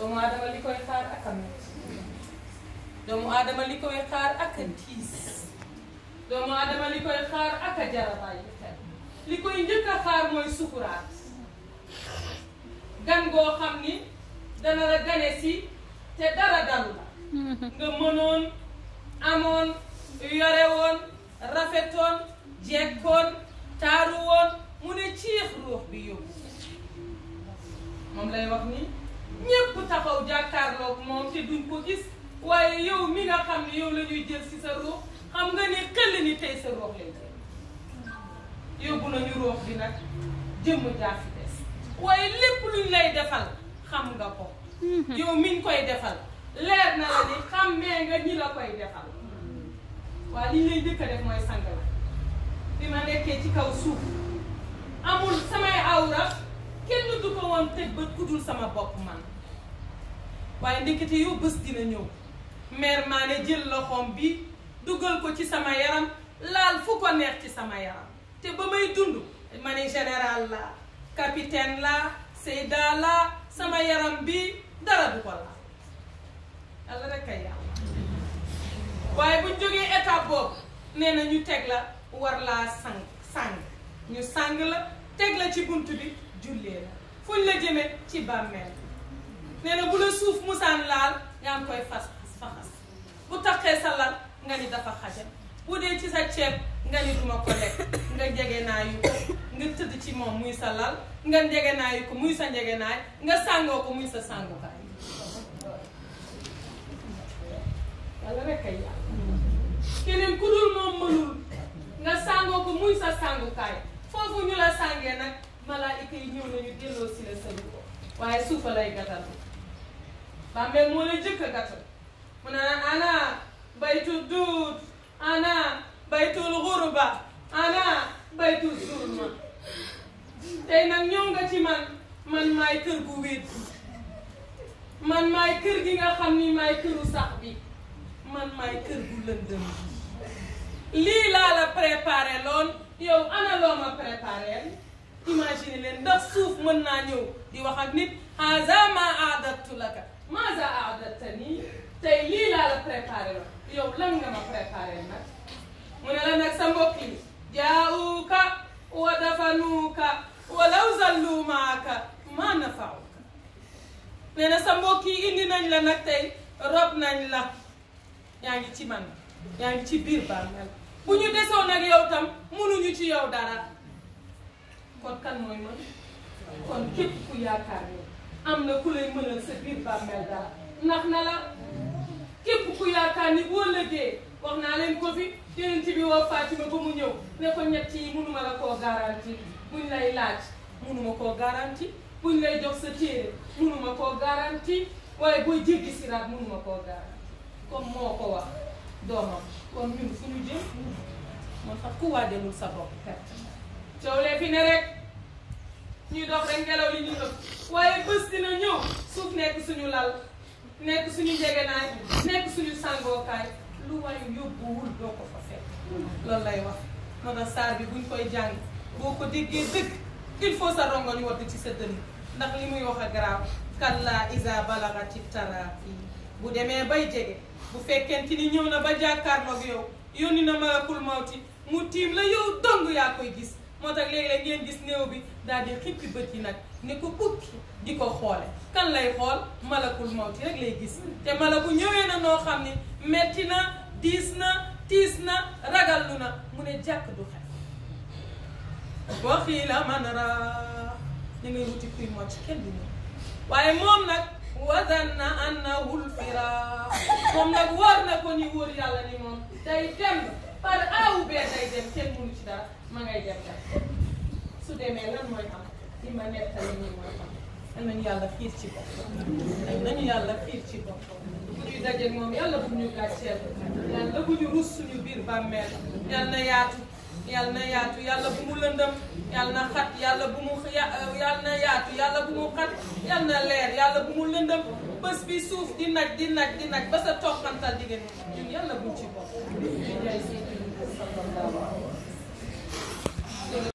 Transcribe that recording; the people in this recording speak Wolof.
doomu aadama li koy xaar ak a métti koy doomu aadama li koy xaar ak a jarabaay li koy njëkk a xaar mooy sukuraat gan goo xam ni dana la si te dara dalu la nga mënoon amoon yore woon rafetoon jekkoon taaru woon mu ne ciix ruux bi yóbbu moom lay wax ni ñépp taxaw jàkkaarloog moom te duñ ko gis waaye yow mi nga xam ne yow la ñuy jël ci sa ruux xam nga ne këll ni tey sa ruux lañ tey yóbbu nañu ruux bi nag jëmm jaa fi des waaye lépp luñ lay defal xam nga ko mm-hmm. yow koy defal leer na la ni xàmmee nga ñi la koy defal waa li ñu lay njëkk a def mooy sang la bi ma nekkee ci kaw suuf amul samay awra kenn du ko won tek ba ku sama bop man waye ndikiti yu bëss dina ñew mère mané jël loxom bi duggal ko ci sama yaram laal fu ko neex ci sama yaram té ba may dund mané général la capitaine la seyda la sama yaram bi dara du ko laal Allah rek ay yàlla waye bu joggé étape bop néna ñu tek la war la sang sang ñu sang la teg la ci buntu bi jullee la fuñ la jëmee ci bàmmeel nee na bu la suuf musaan laal yaa ngi koy fas faxas bu taxee sa lal nga ni dafa xaja bu dee ci sa ceeb nga ni duma ko lekk nga jege naa yu ko nga tëdd ci moom muy sa lal nga njege naa yu ko muy sa njegenaay nga sàngoo ko muy sa sàngukaay walla rekk ay yàlla keneen ku dul moom mënul nga sàngoo ko muy sa sàngukaay foofu ñu la sàngee nag malaayika yi ñëw nañu delloo si la sa ko waaye suufa lay gàttal bàmmeel moo la jëkk a gàttal mu naan ana baytu duut ana baytul xuruba ana baytul zulma tey nag ñëw nga ci man man maay kër gu wéet man maay kër gi nga xam ni maay këru sax bi man maay kër gu lëndëm lii laa la préparé loon yow ana loo ma préparé imagine leen ndax suuf mën naa ñëw di wax ak nit haza ma aadattu laka maza aadatta nii tey lii laa la préparé la yow lan nga ma préparé nag mu ne la nag sa mbokk yi jaauka wa dafanuuka walaw zallu maaka ma nafauka nee na sa mbokk yi indi nañ la nag tey rob nañ la yaa ngi ci man yaa ngi ci biir bàmmeel bu ñu desoon ak yow tam munuñu ci yow dara kon kan mooy mën kon képp ku yaakaar ni am na ku lay mënal sa biir daal na la képp ku yaakaar ni boo lëggee na len leen ko fi yeneen ci bi woo Fatima mu ñëw ne ko ñett yi mënuma la koo garanti na lay laaj ma koo garanti buñ lay jox sa téere mënuma koo garanti waaye booy jéggi siraat mënuma ko garanti comme moo ko wax doomam kon ñun fu ñu jëm moo ku waa demul sa bopp perte coow lee fi ne rek ñuy dox rek ngelaw li ñu dox waaye bés dina ñëw suuf nekk suñu lal nekk suñu njegenaay nekk suñu sàngookaay lu wayu yóbbuwul doo ko fa fekk loolu lay wax moo tax saar bi buñ koy jàng boo ko déggee dëgg il faut sa rongoñ wadd ci sa dënn ndax li muy wax a garaaw kalla isa balagati taraafi bu demee bay jege bu fekkente ni ñëw na ba jàkkaarloog yow yónni na malakul mawti mu tiim la yow dong yaa koy gis moo tax léegi la ngeen gis néew bi daal di xippi bët yi nag ni ko bukki di ko xoole kan lay xool malakul mawti rek lay gis te malaku ñëwee na noo xam ni metti na diis na tiis na na mu ne jàkk du xel waxii la man raa ni ngay wuti kuy mocc kenn du waaye moom nag wasanna annahul firaa moom nag war na ko ni wóor yàlla ni moom day dem par A ou B day dem kenn mënu ci dara ma ngay dem dem su demee lan mooy am li ma nettali nii mooy am. nañu yàlla fiir ci boppam nañu yàlla fiir ci boppam bu ñuy dajeeg moom yàlla bu ñu gàcceel yàlla bu ñu rus suñu biir bàmmeel yàlla na yaatu. yàlla na yaatu yàlla bu mu lëndëm yàlla na xat yàlla bu mu yàlla na yaatu yàlla bu mu xat yàlla na leer yàlla bu mu lëndëm bés bi suuf di nag di nag di nag ba sa toqantal di ngeen ñun yàlla buñ ci bokk